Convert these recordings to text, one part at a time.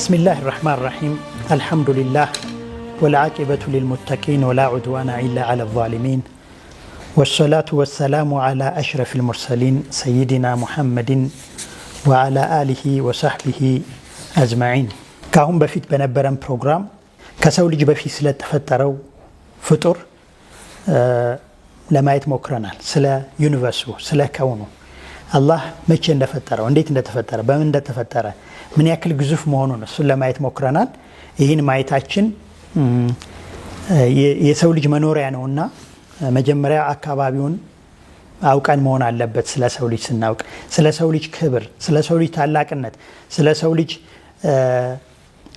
بسم الله الرحمن الرحيم الحمد لله والعاقبة للمتقين ولا عدوان إلا على الظالمين والصلاة والسلام على أشرف المرسلين سيدنا محمد وعلى آله وصحبه أجمعين كهم بفيت بنبرم بروجرام كسول لج في سلا تفتروا فطر آه لما يتموكرنا سلا يونيفرسو سلا كونه አላህ መቼ እንደፈጠረው፣ እንዴት እንደተፈጠረ፣ በምን እንደተፈጠረ፣ ምን ያክል ግዙፍ መሆኑን እሱን ለማየት ሞክረናል። ይህን ማየታችን የሰው ልጅ መኖሪያ ነውና መጀመሪያ አካባቢውን አውቀን መሆን አለበት። ስለ ሰው ልጅ ስናውቅ ስለ ሰው ልጅ ክብር፣ ስለ ሰው ልጅ ታላቅነት፣ ስለ ሰው ልጅ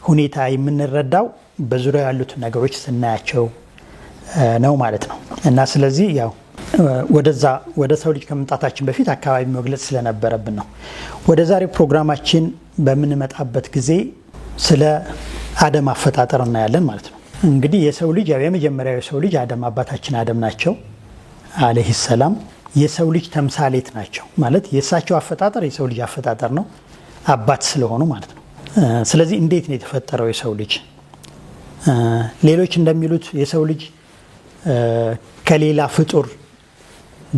ሁኔታ የምንረዳው በዙሪያው ያሉትን ነገሮች ስናያቸው ነው ማለት ነው እና ስለዚህ ያው ወደዛ ወደ ሰው ልጅ ከመምጣታችን በፊት አካባቢ መግለጽ ስለነበረብን ነው። ወደ ዛሬ ፕሮግራማችን በምንመጣበት ጊዜ ስለ አደም አፈጣጠር እናያለን ማለት ነው። እንግዲህ የሰው ልጅ የመጀመሪያው የሰው ልጅ አደም አባታችን አደም ናቸው አለህ ሰላም የሰው ልጅ ተምሳሌት ናቸው ማለት የእሳቸው አፈጣጠር የሰው ልጅ አፈጣጠር ነው፣ አባት ስለሆኑ ማለት ነው። ስለዚህ እንዴት ነው የተፈጠረው የሰው ልጅ? ሌሎች እንደሚሉት የሰው ልጅ ከሌላ ፍጡር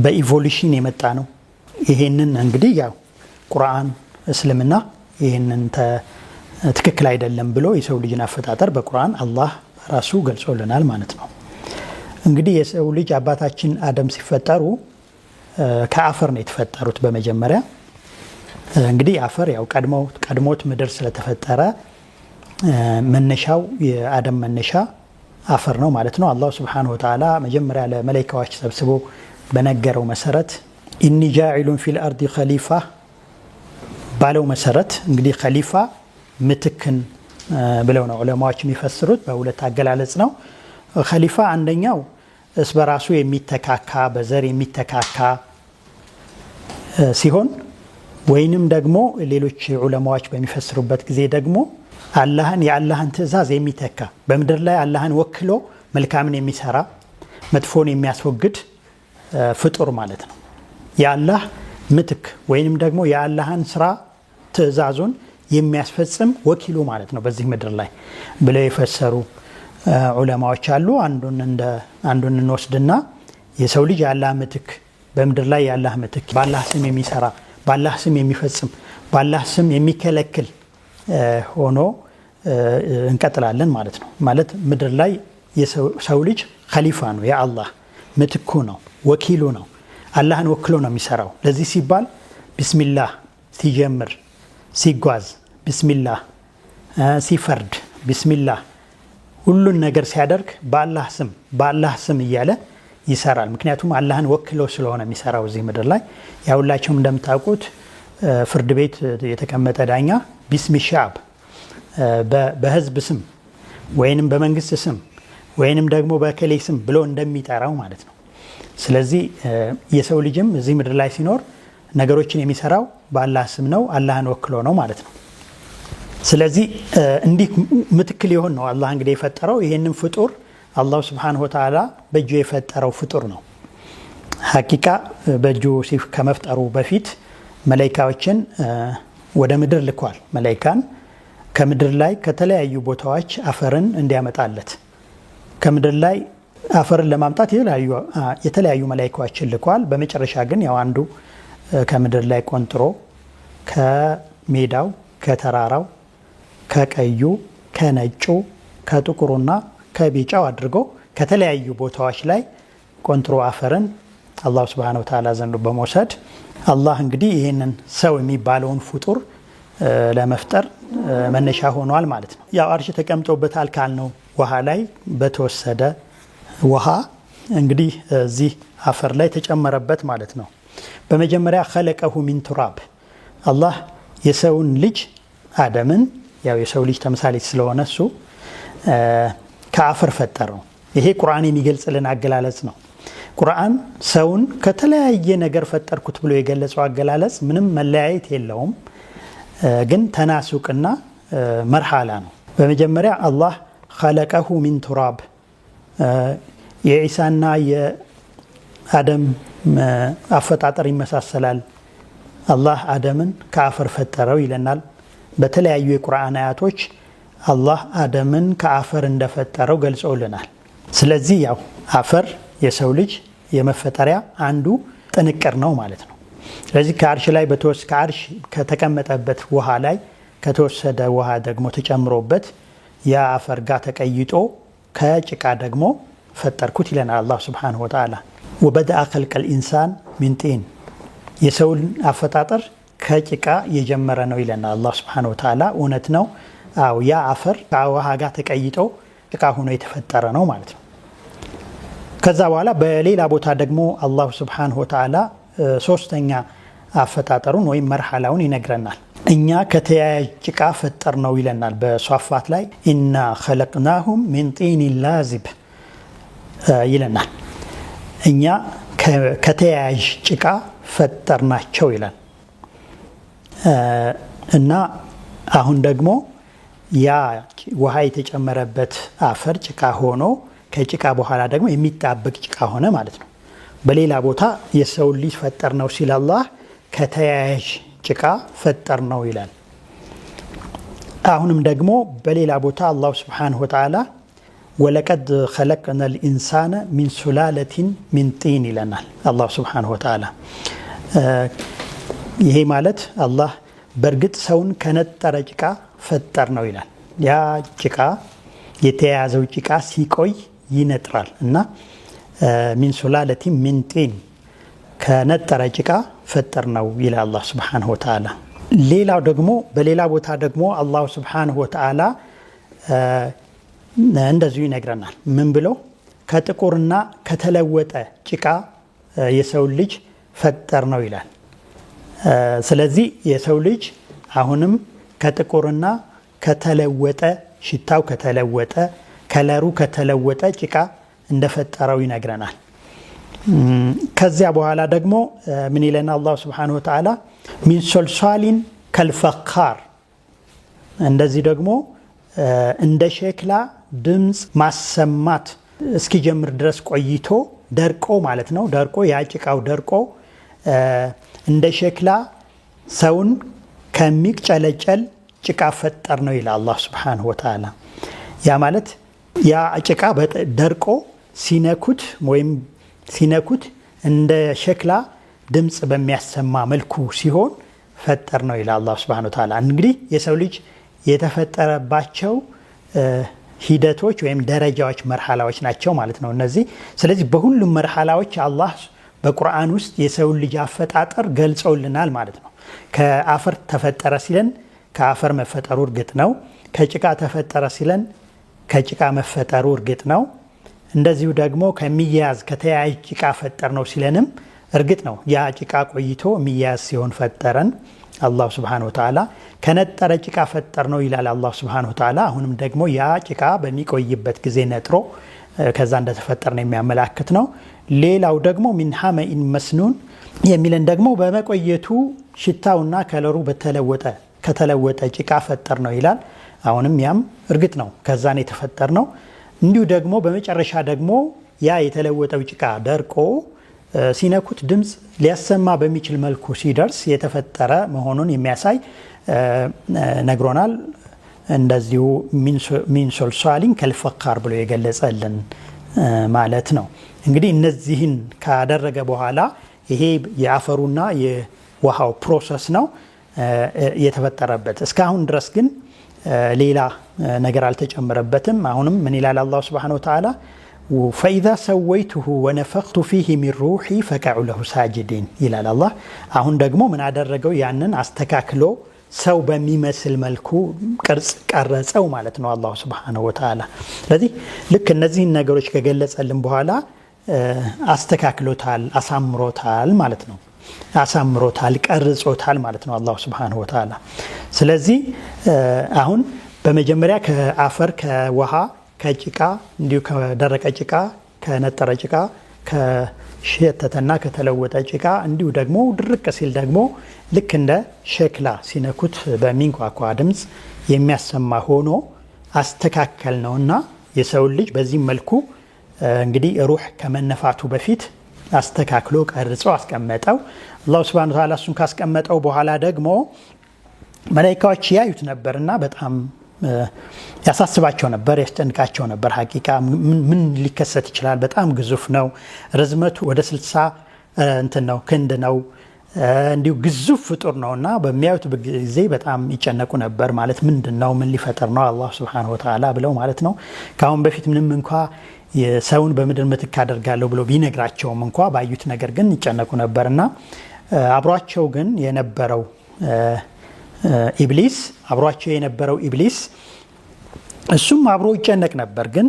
በኢቮሉሽን የመጣ ነው። ይሄንን እንግዲህ ያው ቁርአን፣ እስልምና ይሄንን ትክክል አይደለም ብሎ የሰው ልጅን አፈጣጠር በቁርአን አላህ ራሱ ገልጾልናል ማለት ነው። እንግዲህ የሰው ልጅ አባታችን አደም ሲፈጠሩ ከአፈር ነው የተፈጠሩት። በመጀመሪያ እንግዲህ አፈር ያው ቀድሞት ምድር ስለተፈጠረ መነሻው የአደም መነሻ አፈር ነው ማለት ነው። አላሁ ስብሓነሁ ወተዓላ መጀመሪያ ለመላይካዎች ሰብስቦ በነገረው መሰረት ኢኒ ጃዒሉን ፊል አርዲ ኸሊፋ ባለው መሰረት እንግዲህ ኸሊፋ ምትክን ብለው ነው ዑለማዎች የሚፈስሩት። በሁለት አገላለጽ ነው። ኸሊፋ አንደኛው እስ በራሱ የሚተካካ በዘር የሚተካካ ሲሆን ወይንም ደግሞ ሌሎች ዑለማዎች በሚፈስሩበት ጊዜ ደግሞ አላህን የአላህን ትዕዛዝ የሚተካ በምድር ላይ አላህን ወክሎ መልካምን የሚሰራ መጥፎን የሚያስወግድ ፍጡር ማለት ነው። የአላህ ምትክ ወይንም ደግሞ የአላህን ስራ ትእዛዙን የሚያስፈጽም ወኪሉ ማለት ነው በዚህ ምድር ላይ ብለው የፈሰሩ ዑለማዎች አሉ። አንዱን እንወስድና የሰው ልጅ የአላህ ምትክ በምድር ላይ የአላህ ምትክ በአላህ ስም የሚሰራ በአላህ ስም የሚፈጽም በአላህ ስም የሚከለክል ሆኖ እንቀጥላለን ማለት ነው። ማለት ምድር ላይ የሰው ልጅ ኸሊፋ ነው፣ የአላህ ምትኩ ነው። ወኪሉ ነው። አላህን ወክሎ ነው የሚሰራው። ለዚህ ሲባል ቢስሚላህ ሲጀምር፣ ሲጓዝ ቢስሚላህ፣ ሲፈርድ ቢስሚላህ፣ ሁሉን ነገር ሲያደርግ በአላህ ስም በአላህ ስም እያለ ይሰራል። ምክንያቱም አላህን ወክሎ ስለሆነ የሚሰራው እዚህ ምድር ላይ ያሁላቸውም እንደምታውቁት ፍርድ ቤት የተቀመጠ ዳኛ ቢስሚ ሻብ በህዝብ ስም ወይንም በመንግስት ስም ወይንም ደግሞ በከሌ ስም ብሎ እንደሚጠራው ማለት ነው። ስለዚህ የሰው ልጅም እዚህ ምድር ላይ ሲኖር ነገሮችን የሚሰራው በአላህ ስም ነው፣ አላህን ወክሎ ነው ማለት ነው። ስለዚህ እንዲህ ምትክል ይሆን ነው አላህ እንግዲህ የፈጠረው ይህንን ፍጡር አላሁ ስብሓነሁ ወተዓላ በእጁ የፈጠረው ፍጡር ነው። ሀቂቃ በእጁ ከመፍጠሩ በፊት መላይካዎችን ወደ ምድር ልኳል። መላይካን ከምድር ላይ ከተለያዩ ቦታዎች አፈርን እንዲያመጣለት ከምድር ላይ አፈርን ለማምጣት የተለያዩ መላይካዎችን ልኳል። በመጨረሻ ግን ያው አንዱ ከምድር ላይ ቆንጥሮ ከሜዳው፣ ከተራራው፣ ከቀዩ፣ ከነጩ፣ ከጥቁሩና ከቢጫው አድርጎ ከተለያዩ ቦታዎች ላይ ቆንጥሮ አፈርን አላሁ ስብሃነ ወተዓላ ዘንድ በመውሰድ አላህ እንግዲህ ይህንን ሰው የሚባለውን ፍጡር ለመፍጠር መነሻ ሆኗል ማለት ነው። ያው አርሽ ተቀምጦበታል ካልነው ውሃ ላይ በተወሰደ ውሃ እንግዲህ እዚህ አፈር ላይ ተጨመረበት ማለት ነው። በመጀመሪያ ኸለቀሁ ሚን ቱራብ አላህ የሰውን ልጅ አደምን ያው የሰው ልጅ ተምሳሌት ስለሆነ እሱ ከአፈር ፈጠረው። ይሄ ቁርአን የሚገልጽልን አገላለጽ ነው። ቁርአን ሰውን ከተለያየ ነገር ፈጠርኩት ብሎ የገለጸው አገላለጽ ምንም መለያየት የለውም፣ ግን ተናሱቅና መርሃላ ነው። በመጀመሪያ አላህ ኸለቀሁ ሚን ቱራብ የኢሳና የአደም አፈጣጠር ይመሳሰላል። አላህ አደምን ከአፈር ፈጠረው ይለናል። በተለያዩ የቁርአን አያቶች አላህ አደምን ከአፈር እንደፈጠረው ገልጾልናል። ስለዚህ ያው አፈር የሰው ልጅ የመፈጠሪያ አንዱ ጥንቅር ነው ማለት ነው። ስለዚህ ከአርሽ ላይ ከአርሽ ከተቀመጠበት ውሃ ላይ ከተወሰደ ውሃ ደግሞ ተጨምሮበት የአፈር ጋር ተቀይጦ ከጭቃ ደግሞ ፈጠርኩት ይለናል አላህ ስብሓነሁ ወተዓላ። ወበደአ ኸልቀል ኢንሳን ሚን ጢን የሰውን አፈጣጠር ከጭቃ የጀመረ ነው ይለናል አላህ ስብሓነሁ ወተዓላ። እውነት ነው። አዎ ያ አፈር ከውሃ ጋር ተቀይጦ ጭቃ ሆኖ የተፈጠረ ነው ማለት ነው። ከዛ በኋላ በሌላ ቦታ ደግሞ አላሁ ስብሓነሁ ወተዓላ ሶስተኛ አፈጣጠሩን ወይም መርሃላውን ይነግረናል። እኛ ከተያያዥ ጭቃ ፈጠር ነው ይለናል። በሷፋት ላይ ኢና ኸለቅናሁም ሚን ጢን ላዚብ ይለናል። እኛ ከተያያዥ ጭቃ ፈጠር ናቸው ይላል እና አሁን ደግሞ ያ ውሃ የተጨመረበት አፈር ጭቃ ሆኖ ከጭቃ በኋላ ደግሞ የሚጣበቅ ጭቃ ሆነ ማለት ነው። በሌላ ቦታ የሰውን ልጅ ፈጠር ነው ሲል አላህ ከተያያዥ ጭቃ ፈጠር ነው ይላል። አሁንም ደግሞ በሌላ ቦታ አላሁ ስብሓነሁ ወተዓላ ወለቀድ ኸለቅነ ልኢንሳነ ሚን ሱላለቲን ሚን ጢን ይለናል አላሁ ስብሓነሁ ወተዓላ። ይሄ ማለት አላህ በእርግጥ ሰውን ከነጠረ ጭቃ ፈጠር ነው ይላል። ያ ጭቃ የተያያዘው ጭቃ ሲቆይ ይነጥራል እና ሚን ሱላለቲን ሚን ጢን ከነጠረ ጭቃ ፈጠር ነው ይላል አላ ስብሓንሁ ወተዓላ። ሌላው ደግሞ በሌላ ቦታ ደግሞ አላሁ ስብሓንሁ ወተዓላ እንደዚሁ ይነግረናል። ምን ብሎ ከጥቁርና ከተለወጠ ጭቃ የሰው ልጅ ፈጠር ነው ይላል። ስለዚህ የሰው ልጅ አሁንም ከጥቁርና ከተለወጠ ሽታው ከተለወጠ ከለሩ ከተለወጠ ጭቃ እንደፈጠረው ይነግረናል። ከዚያ በኋላ ደግሞ ምን ይለን አላሁ ስብሓነሁ ወተዓላ ሚን ሶልሳሊን ከልፈካር እንደዚህ ደግሞ እንደ ሸክላ ድምፅ ማሰማት እስኪጀምር ድረስ ቆይቶ ደርቆ ማለት ነው። ደርቆ የጭቃው ደርቆ እንደ ሸክላ ሰውን ከሚቅጨለጨል ጭቃ ፈጠር ነው ይላል አላህ ስብሓነሁ ወተዓላ። ያ ማለት ያ ጭቃ ደርቆ ሲነኩት ወይም ሲነኩት እንደ ሸክላ ድምፅ በሚያሰማ መልኩ ሲሆን ፈጠር ነው ይላል አላህ ሱብሃነሁ ወተዓላ። እንግዲህ የሰው ልጅ የተፈጠረባቸው ሂደቶች ወይም ደረጃዎች፣ መርሃላዎች ናቸው ማለት ነው እነዚህ። ስለዚህ በሁሉም መርሃላዎች አላህ በቁርአን ውስጥ የሰውን ልጅ አፈጣጠር ገልጸውልናል ማለት ነው። ከአፈር ተፈጠረ ሲለን ከአፈር መፈጠሩ እርግጥ ነው። ከጭቃ ተፈጠረ ሲለን ከጭቃ መፈጠሩ እርግጥ ነው። እንደዚሁ ደግሞ ከሚያያዝ ከተያያዥ ጭቃ ፈጠር ነው ሲለንም እርግጥ ነው ያ ጭቃ ቆይቶ የሚያያዝ ሲሆን ፈጠረን አላሁ ስብሓነሁ ወተዓላ። ከነጠረ ጭቃ ፈጠር ነው ይላል አላሁ ስብሓነሁ ወተዓላ። አሁንም ደግሞ ያ ጭቃ በሚቆይበት ጊዜ ነጥሮ ከዛ እንደተፈጠረ ነው የሚያመላክት ነው። ሌላው ደግሞ ሚን ሐመኢን መስኑን የሚለን ደግሞ በመቆየቱ ሽታውና ከለሩ በተለወጠ ከተለወጠ ጭቃ ፈጠር ነው ይላል። አሁንም ያም እርግጥ ነው ከዛን የተፈጠር ነው እንዲሁ ደግሞ በመጨረሻ ደግሞ ያ የተለወጠው ጭቃ ደርቆ ሲነኩት ድምፅ ሊያሰማ በሚችል መልኩ ሲደርስ የተፈጠረ መሆኑን የሚያሳይ ነግሮናል። እንደዚሁ ሚንሶልሶሊን ከልፈካር ብሎ የገለጸልን ማለት ነው። እንግዲህ እነዚህን ካደረገ በኋላ ይሄ የአፈሩና የውሃው ፕሮሰስ ነው የተፈጠረበት። እስካሁን ድረስ ግን ሌላ ነገር አልተጨመረበትም። አሁንም ምን ይላል አላሁ ስብሓነሁ ወተዓላ ፈኢዛ ሰወይቱሁ ወነፈክቱ ፊህ ሚን ሩሒ ፈቀዑ ለሁ ሳጅዲን ይላል አላህ። አሁን ደግሞ ምን አደረገው? ያንን አስተካክሎ ሰው በሚመስል መልኩ ቅርጽ ቀረጸው ማለት ነው አላሁ ስብሓነሁ ወተዓላ። ስለዚህ ልክ እነዚህን ነገሮች ከገለጸልን በኋላ አስተካክሎታል፣ አሳምሮታል ማለት ነው አሳምሮታል፣ ቀርጾታል ማለት ነው አላሁ ስብሓነሁ ወተዓላ። ስለዚህ አሁን በመጀመሪያ ከአፈር፣ ከውሃ፣ ከጭቃ እንዲሁ ከደረቀ ጭቃ፣ ከነጠረ ጭቃ፣ ከሸተተና ከተለወጠ ጭቃ እንዲሁ ደግሞ ድርቅ ሲል ደግሞ ልክ እንደ ሸክላ ሲነኩት በሚንኳኳ ድምፅ የሚያሰማ ሆኖ አስተካከል እና የሰውን ልጅ በዚህ መልኩ እንግዲህ ሩህ ከመነፋቱ በፊት አስተካክሎ ቀርጾ አስቀመጠው። አላሁ ስብሃነ ወተዓላ እሱን ካስቀመጠው በኋላ ደግሞ መላይካዎች ያዩት ነበርና በጣም ያሳስባቸው ነበር፣ ያስጨንቃቸው ነበር። ሀቂቃ ምን ሊከሰት ይችላል? በጣም ግዙፍ ነው። ርዝመቱ ወደ ስልሳ እንትን ነው ክንድ ነው። እንዲሁ ግዙፍ ፍጡር ነው እና በሚያዩት ጊዜ በጣም ይጨነቁ ነበር። ማለት ምንድን ነው? ምን ሊፈጠር ነው አላህ ስብሐነሁ ወተዓላ ብለው ማለት ነው። ከአሁን በፊት ምንም እንኳ ሰውን በምድር ምትክ አደርጋለሁ ብሎ ቢነግራቸውም እንኳ ባዩት ነገር ግን ይጨነቁ ነበር እና አብሯቸው ግን የነበረው ኢብሊስ አብሯቸው የነበረው ኢብሊስ እሱም አብሮ ይጨነቅ ነበር። ግን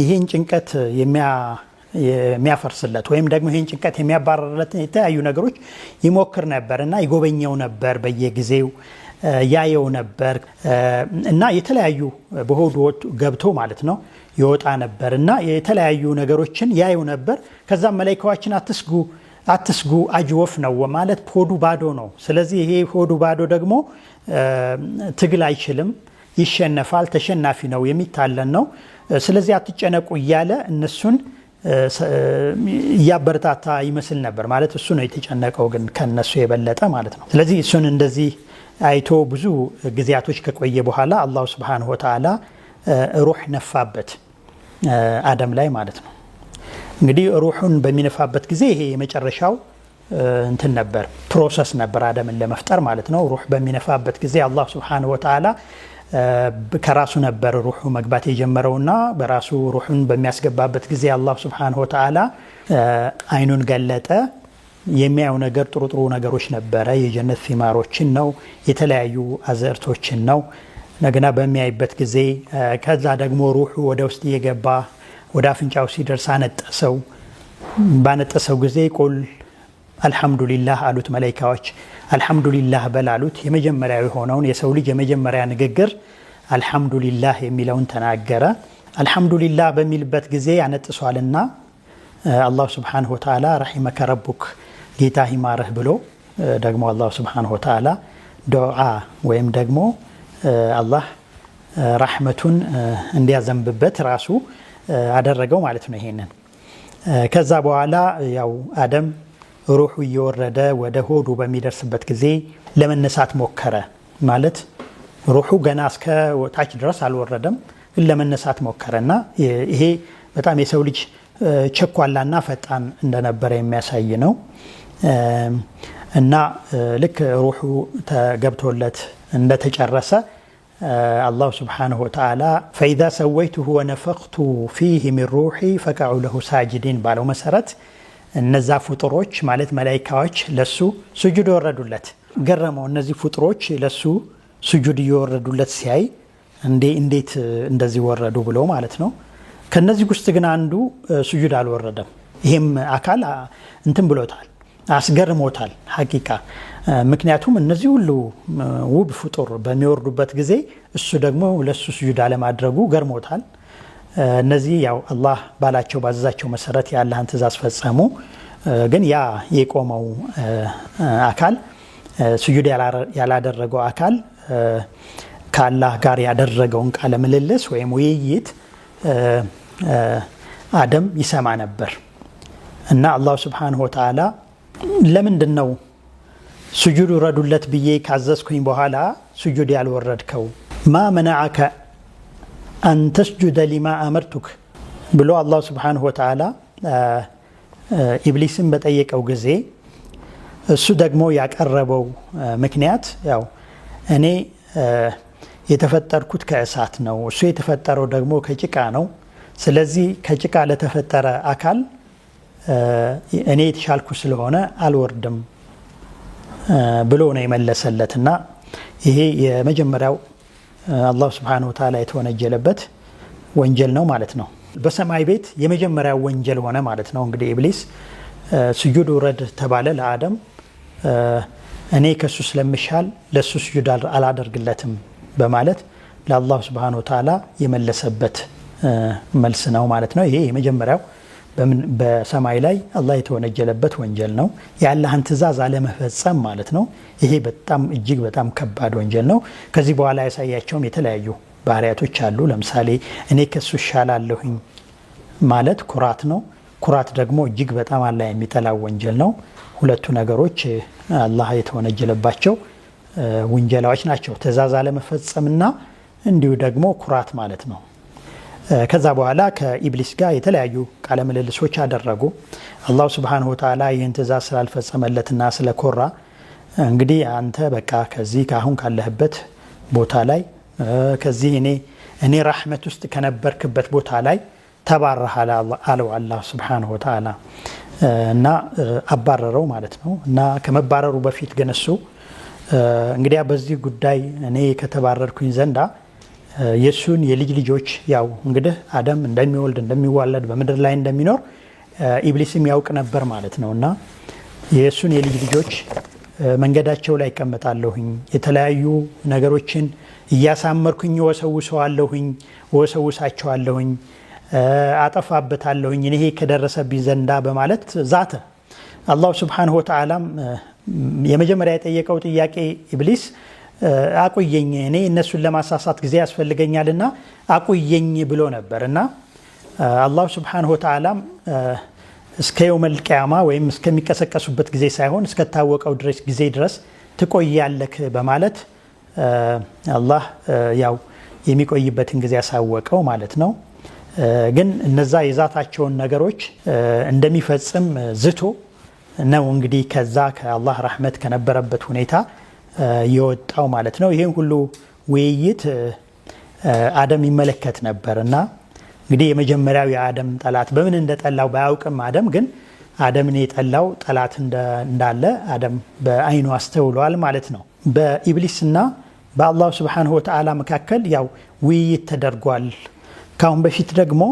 ይህን ጭንቀት የሚያፈርስለት ወይም ደግሞ ይህን ጭንቀት የሚያባረርለት የተለያዩ ነገሮች ይሞክር ነበር እና ይጎበኘው ነበር በየጊዜው ያየው ነበር እና የተለያዩ በሆዱ ገብቶ ማለት ነው ይወጣ ነበር እና የተለያዩ ነገሮችን ያየው ነበር። ከዛም መላይካዎችን አትስጉ አትስጉ አጅወፍ ነው ማለት ሆዱ ባዶ ነው። ስለዚህ ይሄ ሆዱ ባዶ ደግሞ ትግል አይችልም፣ ይሸነፋል፣ ተሸናፊ ነው፣ የሚታለን ነው። ስለዚህ አትጨነቁ እያለ እነሱን እያበረታታ ይመስል ነበር ማለት እሱ ነው የተጨነቀው፣ ግን ከነሱ የበለጠ ማለት ነው። ስለዚህ እሱን እንደዚህ አይቶ ብዙ ጊዜያቶች ከቆየ በኋላ አላሁ ስብሓነሁ ወተዓላ ሩህ ነፋበት አደም ላይ ማለት ነው። እንግዲህ ሩሑን በሚነፋበት ጊዜ ይሄ የመጨረሻው እንትን ነበር ፕሮሰስ ነበር አደምን ለመፍጠር ማለት ነው። ሩህ በሚነፋበት ጊዜ አላህ ሱብሓነሁ ወተዓላ ከራሱ ነበር ሩሑ መግባት የጀመረውና በራሱ ሩሑን በሚያስገባበት ጊዜ አላህ ሱብሓነሁ ወተዓላ አይኑን ገለጠ። የሚያየው ነገር ጥሩ ጥሩ ነገሮች ነበረ። የጀነት ፊማሮችን ነው፣ የተለያዩ አዘርቶችን ነው። እንደገና በሚያይበት ጊዜ ከዛ ደግሞ ሩሑ ወደ ውስጥ እየገባ ወደ አፍንጫው ሲደርስ አነጠሰው። ባነጠሰው ጊዜ ቁል አልሐምዱሊላህ አሉት መላይካዎች። አልሐምዱሊላህ በል አሉት። የሆነውን የሰው ልጅ የመጀመሪያ ንግግር አልሐምዱሊላህ የሚለውን ተናገረ። አልሐምዱሊላህ በሚልበት ጊዜ ያነጥሷልና አላሁ ስብሓነሁ ወተዓላ ረሒመከ ረቡክ ጌታ ይማረህ ብሎ ደግሞ አላሁ ስብሓነሁ ወተዓላ ዶዓ ወይም ደግሞ አላህ ራሕመቱን እንዲያዘንብበት ራሱ አደረገው ማለት ነው። ይሄንን ከዛ በኋላ ያው አደም ሩሑ እየወረደ ወደ ሆዱ በሚደርስበት ጊዜ ለመነሳት ሞከረ ማለት ሩሑ ገና እስከ ታች ድረስ አልወረደም፣ ግን ለመነሳት ሞከረ እና ይሄ በጣም የሰው ልጅ ቸኳላና ፈጣን እንደነበረ የሚያሳይ ነው እና ልክ ሩሑ ተገብቶለት እንደተጨረሰ አላሁ ስብሓነሁ ወተዓላ ፈኢዛ ሰወይቱሁ ወነፈኽቱ ፊህ ሚን ሩሒ ፈቀዑ ለሁ ሳጅዲን ባለው መሰረት እነዛ ፍጡሮች ማለት መላይካዎች ለሱ ስጁድ ወረዱለት። ገረመው። እነዚህ ፍጡሮች ለሱ ስጁድ እየወረዱለት ሲያይ እንዴት እንደዚህ ወረዱ ብሎ ማለት ነው። ከነዚህ ውስጥ ግን አንዱ ስጁድ አልወረደም። ይሄም አካል እንትን ብሎታል አስገርሞታል ሀቂቃ ምክንያቱም እነዚህ ሁሉ ውብ ፍጡር በሚወርዱበት ጊዜ እሱ ደግሞ ለሱ ስጁድ አለማድረጉ ገርሞታል። እነዚህ ያው አላህ ባላቸው ባዘዛቸው መሰረት የአላህን ትእዛዝ ፈጸሙ። ግን ያ የቆመው አካል ስጁድ ያላደረገው አካል ከአላህ ጋር ያደረገውን ቃለ ምልልስ ወይም ውይይት አደም ይሰማ ነበር እና አላሁ ስብሓንሁ ወተዓላ ለምንድን ነው ስጁድ ውረዱለት ብዬ ካዘዝኩኝ በኋላ ስጁድ ያልወረድከው? ማ መናዓከ አን ተስጁደ ሊማ አመርቱክ ብሎ አላ ስብሓንሁ ወተዓላ ኢብሊስን በጠየቀው ጊዜ እሱ ደግሞ ያቀረበው ምክንያት ያው እኔ የተፈጠርኩት ከእሳት ነው፣ እሱ የተፈጠረው ደግሞ ከጭቃ ነው። ስለዚህ ከጭቃ ለተፈጠረ አካል እኔ የተሻልኩ ስለሆነ አልወርድም ብሎ ነው የመለሰለትና ይሄ የመጀመሪያው አላሁ ስብሓነሁ ወተዓላ የተወነጀለበት ወንጀል ነው ማለት ነው። በሰማይ ቤት የመጀመሪያው ወንጀል ሆነ ማለት ነው። እንግዲህ ኢብሊስ ስጁድ ውረድ ተባለ ለአደም እኔ ከሱ ስለምሻል ለሱ ስጁድ አላደርግለትም በማለት ለአላሁ ስብሓነሁ ወተዓላ የመለሰበት መልስ ነው ማለት ነው። ይሄ የመጀመሪያው በሰማይ ላይ አላህ የተወነጀለበት ወንጀል ነው። የአላህን ትእዛዝ አለመፈጸም ማለት ነው። ይሄ በጣም እጅግ በጣም ከባድ ወንጀል ነው። ከዚህ በኋላ ያሳያቸውም የተለያዩ ባህሪያቶች አሉ። ለምሳሌ እኔ ከሱ እሻላለሁኝ ማለት ኩራት ነው። ኩራት ደግሞ እጅግ በጣም አላህ የሚጠላው ወንጀል ነው። ሁለቱ ነገሮች አላህ የተወነጀለባቸው ውንጀላዎች ናቸው። ትእዛዝ አለመፈጸምና እንዲሁ ደግሞ ኩራት ማለት ነው። ከዛ በኋላ ከኢብሊስ ጋር የተለያዩ ቃለ ምልልሶች አደረጉ። አላሁ ስብሓነሁ ወተዓላ ይህን ትእዛዝ ስላልፈጸመለትና ስለኮራ እንግዲህ አንተ በቃ ከዚህ ከአሁን ካለህበት ቦታ ላይ ከዚህ እኔ እኔ ራሕመት ውስጥ ከነበርክበት ቦታ ላይ ተባረሃል አለው አላህ ስብሓነሁ ወተዓላ እና አባረረው ማለት ነው። እና ከመባረሩ በፊት ግን እሱ እንግዲያ በዚህ ጉዳይ እኔ ከተባረርኩኝ ዘንዳ የእሱን የልጅ ልጆች ያው እንግዲህ አደም እንደሚወልድ እንደሚዋለድ በምድር ላይ እንደሚኖር ኢብሊስም ያውቅ ነበር ማለት ነው እና የእሱን የልጅ ልጆች መንገዳቸው ላይ ይቀመጣለሁኝ የተለያዩ ነገሮችን እያሳመርኩኝ ወሰውሰዋለሁኝ ወሰውሳቸዋለሁኝ አጠፋበታለሁኝ ይሄ ከደረሰብኝ ዘንዳ በማለት ዛተ። አላሁ ስብሓነሁ ወተዓላም የመጀመሪያ የጠየቀው ጥያቄ ኢብሊስ አቁየኝ እኔ እነሱን ለማሳሳት ጊዜ ያስፈልገኛልና አቁየኝ ብሎ ነበር እና አላሁ ስብሓነሁ ወተዓላም እስከ የውመል ቅያማ ወይም እስከሚቀሰቀሱበት ጊዜ ሳይሆን እስከታወቀው ድረስ ጊዜ ድረስ ትቆያለክ በማለት አላህ ያው የሚቆይበትን ጊዜ ያሳወቀው ማለት ነው። ግን እነዛ የዛታቸውን ነገሮች እንደሚፈጽም ዝቶ ነው እንግዲህ ከዛ ከአላህ ረህመት ከነበረበት ሁኔታ የወጣው ማለት ነው። ይህን ሁሉ ውይይት አደም ይመለከት ነበር እና እንግዲህ የመጀመሪያው የአደም ጠላት በምን እንደጠላው ባያውቅም አደም ግን አደምን የጠላው ጠላት እንዳለ አደም በአይኑ አስተውሏል ማለት ነው። በኢብሊስና በአላሁ ስብሓንሁ ወተዓላ መካከል ያው ውይይት ተደርጓል። ካሁን በፊት ደግሞ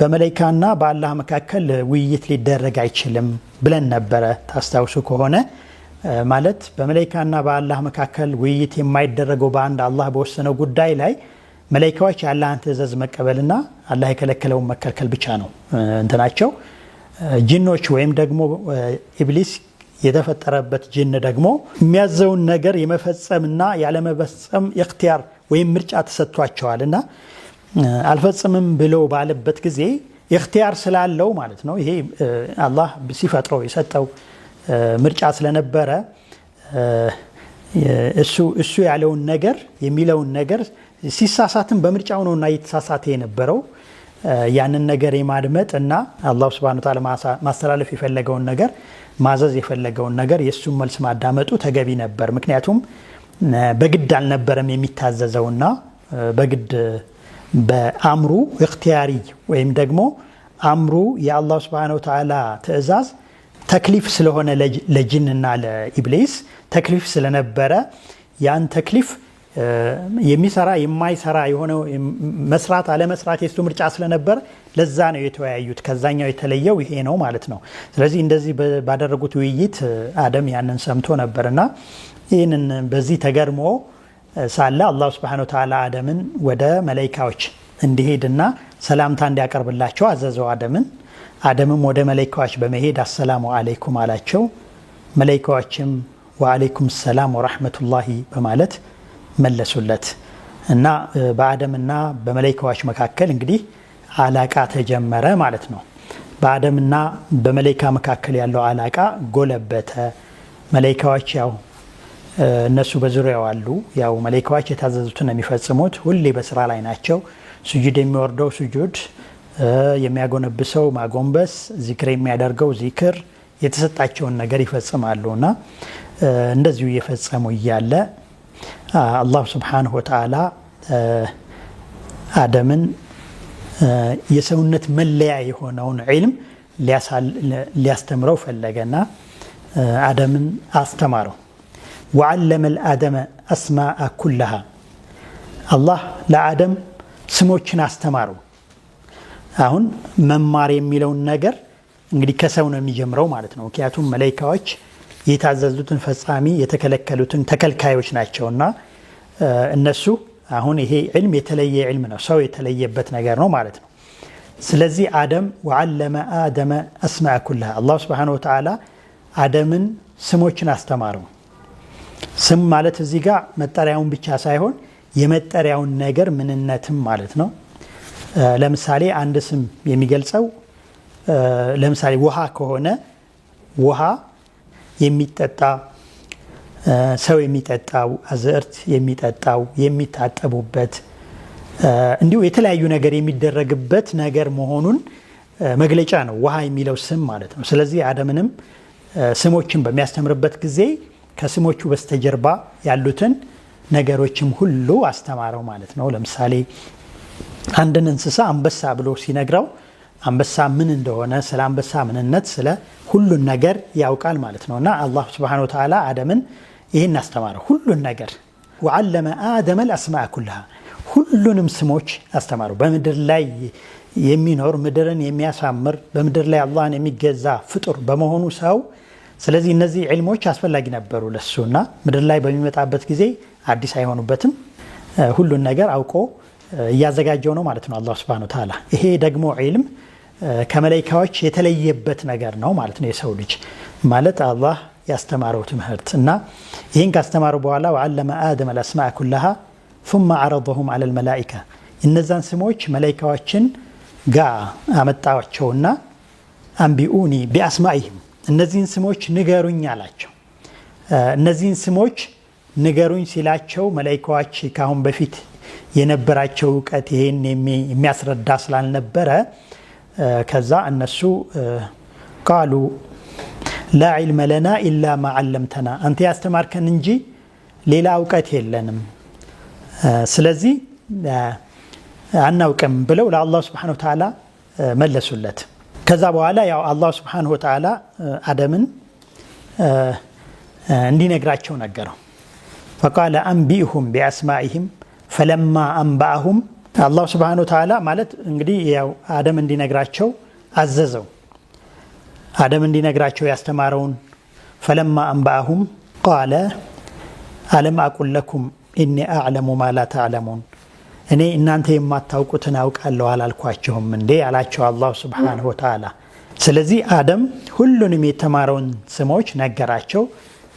በመላይካና በአላህ መካከል ውይይት ሊደረግ አይችልም ብለን ነበረ ታስታውሱ ከሆነ ማለት በመላይካና በአላህ መካከል ውይይት የማይደረገው በአንድ አላህ በወሰነው ጉዳይ ላይ መላይካዎች የአላህን ትእዛዝ መቀበልና አላህ የከለከለውን መከልከል ብቻ ነው እንትናቸው። ጅኖች ወይም ደግሞ ኢብሊስ የተፈጠረበት ጅን ደግሞ የሚያዘውን ነገር የመፈጸምና ያለመፈጸም እክትያር ወይም ምርጫ ተሰጥቷቸዋል እና አልፈጽምም ብለው ባለበት ጊዜ እክትያር ስላለው ማለት ነው ይሄ አላህ ሲፈጥረው የሰጠው ምርጫ ስለነበረ እሱ እሱ ያለውን ነገር የሚለውን ነገር ሲሳሳትም በምርጫው እና እየተሳሳተ የነበረው ያንን ነገር የማድመጥ እና አላሁ ስብሃነ ተዓላ ማስተላለፍ የፈለገውን ነገር ማዘዝ የፈለገውን ነገር የእሱን መልስ ማዳመጡ ተገቢ ነበር። ምክንያቱም በግድ አልነበረም የሚታዘዘውና በግድ በአምሩ እክትያሪ ወይም ደግሞ አምሩ የአላሁ ስብሃነ ተዓላ ትዕዛዝ ተክሊፍ ስለሆነ ለጅን ና ለኢብሊስ ተክሊፍ ስለነበረ ያን ተክሊፍ የሚሰራ የማይሰራ የሆነ መስራት አለመስራት የሱ ምርጫ ስለነበር ለዛ ነው የተወያዩት። ከዛኛው የተለየው ይሄ ነው ማለት ነው። ስለዚህ እንደዚህ ባደረጉት ውይይት አደም ያንን ሰምቶ ነበር ና ይህንን በዚህ ተገርሞ ሳለ አላሁ ስብን ተላ አደምን ወደ መላይካዎች እንዲሄድና ሰላምታ እንዲያቀርብላቸው አዘዘው አደምን አደምም ወደ መላይካዎች በመሄድ አሰላሙ አለይኩም አላቸው። መላይካዎችም ወአለይኩም ሰላም ወራህመቱላሂ በማለት መለሱለት እና በአደምና በመላይካዎች መካከል እንግዲህ አላቃ ተጀመረ ማለት ነው። በአደምና በመላይካ መካከል ያለው አላቃ ጎለበተ። መላይካዎች ያው እነሱ በዙሪያው አሉ። ያው የታዘዙት የታዘዙትን የሚፈጽሙት ሁሌ በስራ ላይ ናቸው። ስጁድ የሚወርደው ስጁድ የሚያጎነብሰው ማጎንበስ፣ ዚክር የሚያደርገው ዚክር፣ የተሰጣቸውን ነገር ይፈጽማሉ እና እንደዚሁ እየፈጸሙ እያለ አላሁ ስብሓንሁ ወተዓላ አደምን የሰውነት መለያ የሆነውን ዒልም ሊያስተምረው ፈለገና አደምን አስተማረው። ወዓለመ አደመ አስማአ ኩለሃ አላህ ለአደም ስሞችን አስተማረው። አሁን መማር የሚለውን ነገር እንግዲህ ከሰው ነው የሚጀምረው ማለት ነው። ምክንያቱም መላይካዎች የታዘዙትን ፈጻሚ የተከለከሉትን ተከልካዮች እና እነሱ አሁን ይሄ ዕልም የተለየ ዕልም ነው፣ ሰው የተለየበት ነገር ነው ማለት ነው። ስለዚህ አደም ወዓለመ አደመ አስማ ኩላ አላሁ ስብሓነሁ ወተዓላ አደምን ስሞችን አስተማረው። ስም ማለት እዚህ ጋር መጠሪያውን ብቻ ሳይሆን የመጠሪያውን ነገር ምንነትም ማለት ነው። ለምሳሌ አንድ ስም የሚገልጸው ለምሳሌ ውሃ ከሆነ ውሃ የሚጠጣ ሰው የሚጠጣው አዝእርት የሚጠጣው የሚታጠቡበት እንዲሁ የተለያዩ ነገር የሚደረግበት ነገር መሆኑን መግለጫ ነው ውሃ የሚለው ስም ማለት ነው። ስለዚህ አደምንም ስሞችን በሚያስተምርበት ጊዜ ከስሞቹ በስተጀርባ ያሉትን ነገሮችም ሁሉ አስተማረው ማለት ነው። ለምሳሌ አንድን እንስሳ አንበሳ ብሎ ሲነግረው አንበሳ ምን እንደሆነ ስለ አንበሳ ምንነት፣ ስለ ሁሉን ነገር ያውቃል ማለት ነው። እና አላህ ስብሐነ ወተዓላ አደምን ይህን አስተማረው ሁሉን ነገር ወዓለመ አደመ ልአስማ ኩልሃ ሁሉንም ስሞች አስተማረው። በምድር ላይ የሚኖር ምድርን የሚያሳምር በምድር ላይ አላህን የሚገዛ ፍጡር በመሆኑ ሰው ስለዚህ እነዚህ ዕልሞች አስፈላጊ ነበሩ ለሱና ምድር ላይ በሚመጣበት ጊዜ አዲስ አይሆኑበትም። ሁሉን ነገር አውቆ እያዘጋጀው ነው ማለት ነው አላህ ሱብሃነሁ ወተዓላ። ይሄ ደግሞ ዒልም ከመላይካዎች የተለየበት ነገር ነው ማለት ነው። የሰው ልጅ ማለት አላህ ያስተማረው ትምህርት እና ይህን ካስተማረው በኋላ ወዓለመ አደም አልአስማዕ ኩላሃ ሱመ ዐረደሁም ዐለል መላኢካ እነዛን ስሞች መላይካዎችን ጋ አመጣቸውና አንቢኡኒ ቢአስማኢህም እነዚህን ስሞች ንገሩኝ አላቸው። እነዚህን ስሞች ንገሩኝ ሲላቸው መላይካዎች ካሁን በፊት የነበራቸው እውቀት ይሄን የሚያስረዳ ስላልነበረ ከዛ እነሱ ቃሉ ላ ዕልመ ለና ኢላ ማ ዓለምተና አንተ ያስተማርከን እንጂ ሌላ እውቀት የለንም፣ ስለዚህ አናውቅም ብለው ለአላህ ስብሓነሁ ወተዓላ መለሱለት። ከዛ በኋላ ያው አላህ ስብሓነሁ ወተዓላ አደምን እንዲነግራቸው ነገረው። ፈቃለ አንቢእሁም ቢአስማኢህም ፈለማ አንባአሁም አላሁ ስብሓነ ወተዓላ ማለት እንግዲህ ያው አደም እንዲነግራቸው አዘዘው። አደም እንዲነግራቸው ያስተማረውን ፈለማ አንባአሁም ቃለ አለም አቁል ለኩም ኢኒ አዕለሙ ማ ተዕለሙን እኔ እናንተ የማታውቁትን አውቃለሁ አላልኳቸውም እንዴ አላቸው አላሁ ስብሓነሁ ወተዓላ። ስለዚህ አደም ሁሉንም የተማረውን ስሞች ነገራቸው።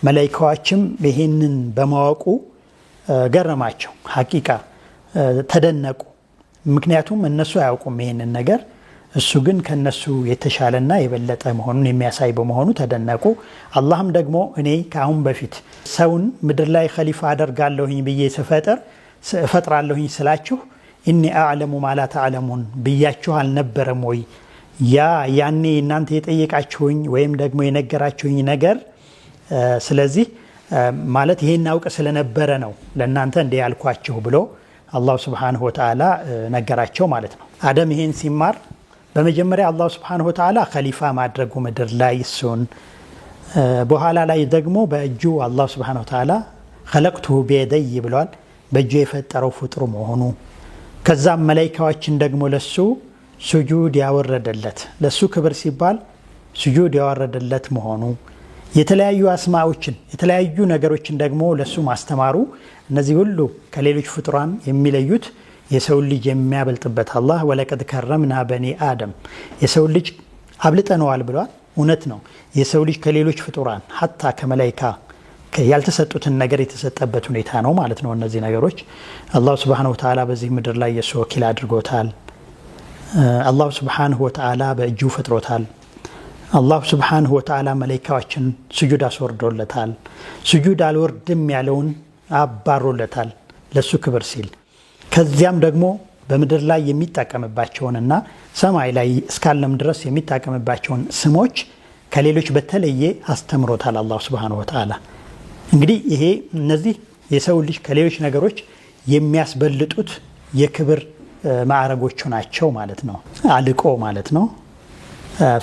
መላይካዎችም ይህንን በማወቁ ገረማቸው ሀቂቃ ተደነቁ። ምክንያቱም እነሱ አያውቁም ይሄንን ነገር እሱ ግን ከነሱ የተሻለና የበለጠ መሆኑን የሚያሳይ በመሆኑ ተደነቁ። አላህም ደግሞ እኔ ከአሁን በፊት ሰውን ምድር ላይ ኸሊፋ አደርጋለሁኝ ብዬ ስፈጥር እፈጥራለሁኝ ስላችሁ እኒ አዕለሙ ማላ ተዕለሙን ብያችሁ አልነበረም ወይ? ያ ያኔ እናንተ የጠየቃችሁኝ ወይም ደግሞ የነገራችሁኝ ነገር ስለዚህ ማለት ይሄን አውቅ ስለነበረ ነው ለእናንተ እንደ ያልኳችሁ ብሎ አላሁ ስብሓነሁ ወተዓላ ነገራቸው ማለት ነው። አደም ይሄን ሲማር በመጀመሪያ አላሁ ስብሓነሁ ወተዓላ ከሊፋ ማድረጉ ምድር ላይ እሱን በኋላ ላይ ደግሞ በእጁ አላሁ ስብሓነሁ ወተዓላ ኸለቅቱሁ ቤደይ ብለዋል። በእጁ የፈጠረው ፍጡር መሆኑ ከዛም መላይካዎችን ደግሞ ለሱ ሱጁድ ያወረደለት ለሱ ክብር ሲባል ሱጁድ ያወረደለት መሆኑ የተለያዩ አስማዎችን የተለያዩ ነገሮችን ደግሞ ለሱ ማስተማሩ እነዚህ ሁሉ ከሌሎች ፍጡራን የሚለዩት የሰውን ልጅ የሚያበልጥበት አላህ ወለቀድ ከረምና በኒ አደም የሰውን ልጅ አብልጠነዋል ብሏል። እውነት ነው። የሰው ልጅ ከሌሎች ፍጡራን ሀታ ከመላይካ ያልተሰጡትን ነገር የተሰጠበት ሁኔታ ነው ማለት ነው። እነዚህ ነገሮች አላሁ ስብሓነሁ ወተዓላ በዚህ ምድር ላይ የእሱ ወኪል አድርጎታል። አላሁ ስብሓነሁ ወተዓላ በእጁ ፈጥሮታል። አላሁ ስብሓንሁ ወተዓላ መላይካዎችን ስጁድ አስወርዶለታል። ስጁድ አልወርድም ያለውን አባሮለታል ለሱ ክብር ሲል ከዚያም ደግሞ በምድር ላይ የሚጠቀምባቸውንና ሰማይ ላይ እስካለም ድረስ የሚጠቀምባቸውን ስሞች ከሌሎች በተለየ አስተምሮታል አላሁ ስብሓንሁ ወተዓላ። እንግዲህ ይሄ እነዚህ የሰው ልጅ ከሌሎች ነገሮች የሚያስበልጡት የክብር ማዕረጎቹ ናቸው ማለት ነው። አልቆ ማለት ነው።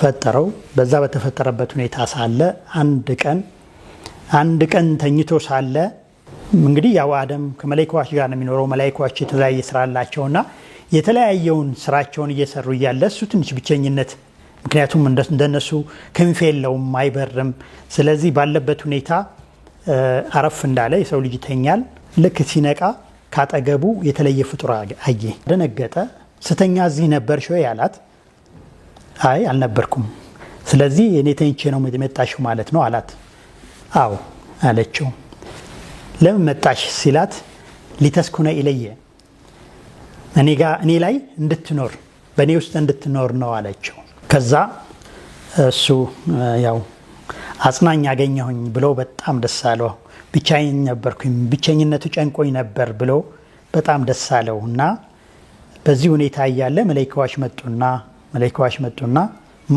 ፈጠረው። በዛ በተፈጠረበት ሁኔታ ሳለ አንድ ቀን አንድ ቀን ተኝቶ ሳለ እንግዲህ ያው አደም ከመላይካዎች ጋር ነው የሚኖረው። መላይካዎች የተለያየ ስራ አላቸውና የተለያየውን ስራቸውን እየሰሩ እያለ እሱ ትንሽ ብቸኝነት፣ ምክንያቱም እንደነሱ ክንፍ የለውም አይበርም። ስለዚህ ባለበት ሁኔታ አረፍ እንዳለ የሰው ልጅ ይተኛል። ልክ ሲነቃ ካጠገቡ የተለየ ፍጡር አየ። ደነገጠ። ስተኛ እዚህ ነበር ወይ ያላት አይ አልነበርኩም፣ ስለዚህ እኔ ተኝቼ ነው የመጣሽው ማለት ነው አላት። አዎ አለችው። ለምን መጣሽ ሲላት ሊተስኩነ ኢለየ እኔ ጋ እኔ ላይ እንድትኖር በእኔ ውስጥ እንድትኖር ነው አለችው። ከዛ እሱ ያው አጽናኝ አገኘሁኝ ብሎ በጣም ደስ አለው። ብቻዬን ነበርኩኝ ብቸኝነቱ ጨንቆኝ ነበር ብሎ በጣም ደስ አለው እና በዚህ ሁኔታ እያለ መላኢካዎች መጡና መላኢካዎች መጡና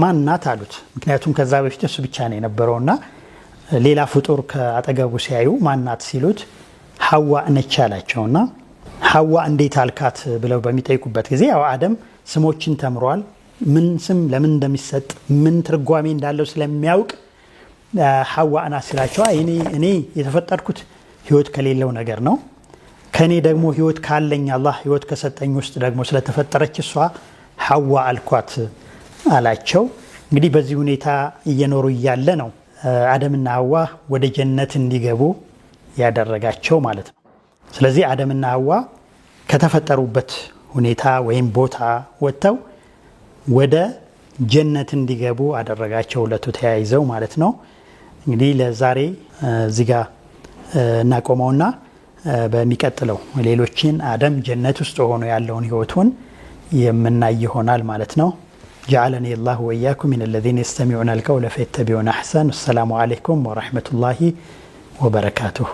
ማናት አሉት። ምክንያቱም ከዛ በፊት እሱ ብቻ ነው የነበረውና ሌላ ፍጡር ከአጠገቡ ሲያዩ ማናት ሲሉት ሀዋ ነች አላቸውና ሀዋ እንዴት አልካት ብለው በሚጠይቁበት ጊዜ ያው አደም ስሞችን ተምሯል። ምን ስም ለምን እንደሚሰጥ ምን ትርጓሜ እንዳለው ስለሚያውቅ ሀዋ ናት ሲላቸው እኔ የተፈጠርኩት ህይወት ከሌለው ነገር ነው ከእኔ ደግሞ ህይወት ካለኝ አላህ ህይወት ከሰጠኝ ውስጥ ደግሞ ስለተፈጠረች እሷ ሀዋ አልኳት አላቸው። እንግዲህ በዚህ ሁኔታ እየኖሩ እያለ ነው አደምና ሀዋ ወደ ጀነት እንዲገቡ ያደረጋቸው ማለት ነው። ስለዚህ አደምና ሀዋ ከተፈጠሩበት ሁኔታ ወይም ቦታ ወጥተው ወደ ጀነት እንዲገቡ አደረጋቸው። ሁለቱ ተያይዘው ማለት ነው። እንግዲህ ለዛሬ እዚህ ጋ እናቆመውና በሚቀጥለው ሌሎችን አደም ጀነት ውስጥ ሆኖ ያለውን ህይወቱን የምናይ ይሆናል ማለት ነው። ጀዓለኒ ላሁ ወኢያኩም ሚን አለዚነ የስተሚዑና አልቀውለ ፈየተቢዑነ አሕሰን። አሰላሙ አለይኩም ወረሕመቱላሂ ወበረካቱሁ።